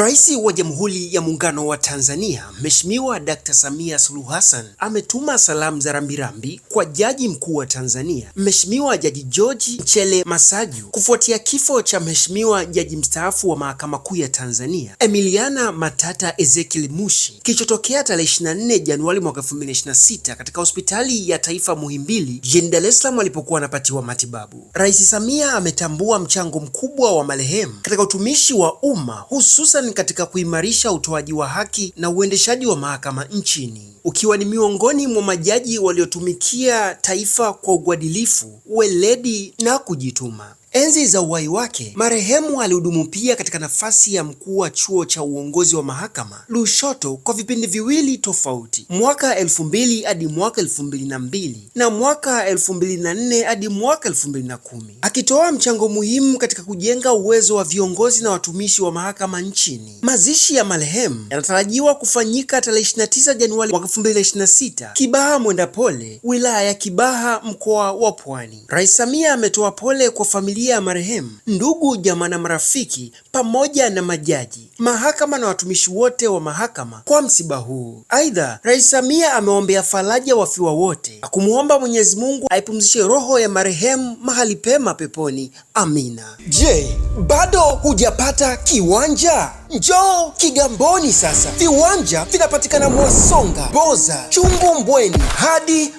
Rais wa Jamhuri ya Muungano wa Tanzania Mheshimiwa Dkt. Samia Suluhu Hassan ametuma salamu za rambirambi kwa Jaji Mkuu wa Tanzania Mheshimiwa Jaji George Mchele Masaju kufuatia kifo cha Mheshimiwa Jaji mstaafu wa Mahakama Kuu ya Tanzania Emiliana Matata Ezekiel Mushi kilichotokea tarehe 24 Januari mwaka 2026 katika Hospitali ya Taifa Muhimbili jijini Dar es Salaam alipokuwa anapatiwa matibabu. Rais Samia ametambua mchango mkubwa wa marehemu katika utumishi wa umma hususan katika kuimarisha utoaji wa haki na uendeshaji wa mahakama nchini. Ukiwa ni miongoni mwa majaji waliotumikia taifa kwa uadilifu, uweledi na kujituma. Enzi za uhai wake, marehemu alihudumu pia katika nafasi ya mkuu wa chuo cha uongozi wa mahakama Lushoto kwa vipindi viwili tofauti, mwaka elfu mbili hadi mwaka elfu mbili na mbili na mwaka elfu mbili na nne hadi mwaka elfu mbili na kumi akitoa mchango muhimu katika kujenga uwezo wa viongozi na watumishi wa mahakama nchini. Mazishi ya marehemu yanatarajiwa kufanyika tarehe 29 Januari mwaka 2026 Kibaha Mwendapole, wilaya ya Kibaha, mkoa wa Pwani. Rais Samia ametoa pole kwa familia familia ya marehemu, ndugu, jamaa na marafiki, pamoja na majaji, mahakama na watumishi wote wa mahakama kwa msiba huu. Aidha, Rais Samia ameombea faraja wafiwa wote, akumwomba Mwenyezi Mungu aipumzishe roho ya marehemu mahali pema peponi. Amina. Je, bado hujapata kiwanja? Njoo Kigamboni sasa. Viwanja vinapatikana Mwasonga, Boza, Chungu Mbweni hadi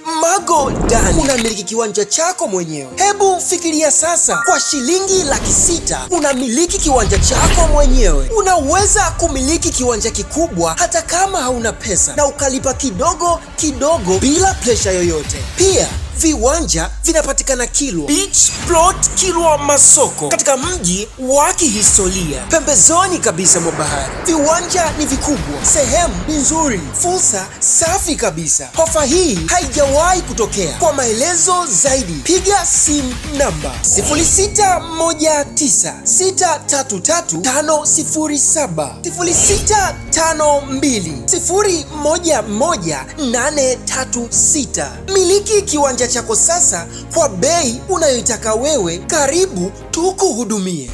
Dani. Unamiliki kiwanja chako mwenyewe. Hebu fikiria sasa, kwa shilingi laki sita unamiliki kiwanja chako mwenyewe. Unaweza kumiliki kiwanja kikubwa hata kama hauna pesa na ukalipa kidogo kidogo bila presha yoyote. Pia Viwanja vinapatikana Kilwa Beach Plot, Kilwa Masoko, katika mji wa kihistoria, pembezoni kabisa mwa bahari. Viwanja ni vikubwa, sehemu ni nzuri, fursa safi kabisa. Ofa hii haijawahi kutokea. Kwa maelezo zaidi, piga simu namba 0619633507, 0652011836. Miliki kiwanja chako sasa kwa bei unayoitaka wewe. Karibu tukuhudumie.